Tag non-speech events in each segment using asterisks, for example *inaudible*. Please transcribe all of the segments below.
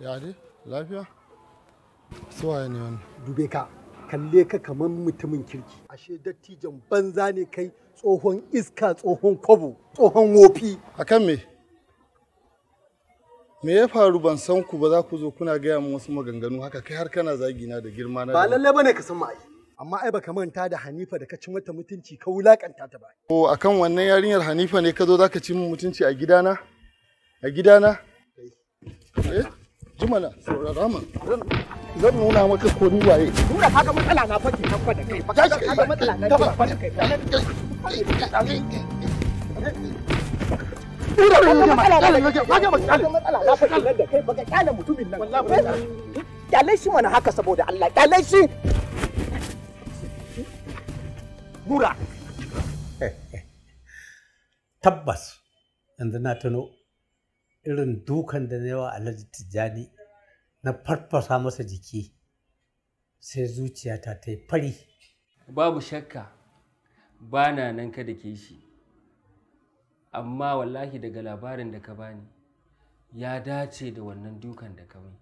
ya dai lafiya suwaye ne wani dube ka kalle ka kamar mutumin kirki ashe dattijan banza ne kai tsohon iska tsohon kwabo tsohon wofi akan me me ya faru ban san ku ba za ku zo kuna gaya min wasu maganganu haka kai har kana zagina da girma na ba lalle bane ka san ma'ai amma ai baka manta da Hanifa da ka ci mata mutunci ka wulakanta ta ba ko akan wannan yarinyar Hanifa ne ka zo zaka ci min mutunci a gidana a gidana eh jimana saurara man zan nuna maka ko ni waye nuna matsala na fake da kai matsala na da kai eh, kyale shi mana haka saboda Allah, kyale shi. Eh, eh. Tabbas yanzu na tuno irin dukan da na yawa alhaji tijjani na farfasa masa jiki sai zuciyata ta yi fari babu shakka ba na nan kada ke shi amma wallahi daga labarin da ka bani ya dace da wannan dukan da kawai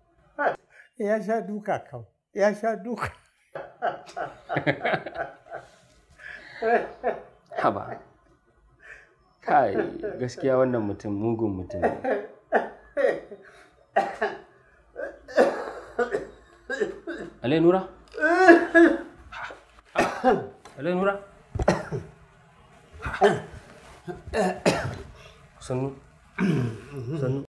ya sha duka kam ya sha duka *laughs* haba kai gaskiya wannan mutum mugun mutum ne alai nura alai nura sannu sannu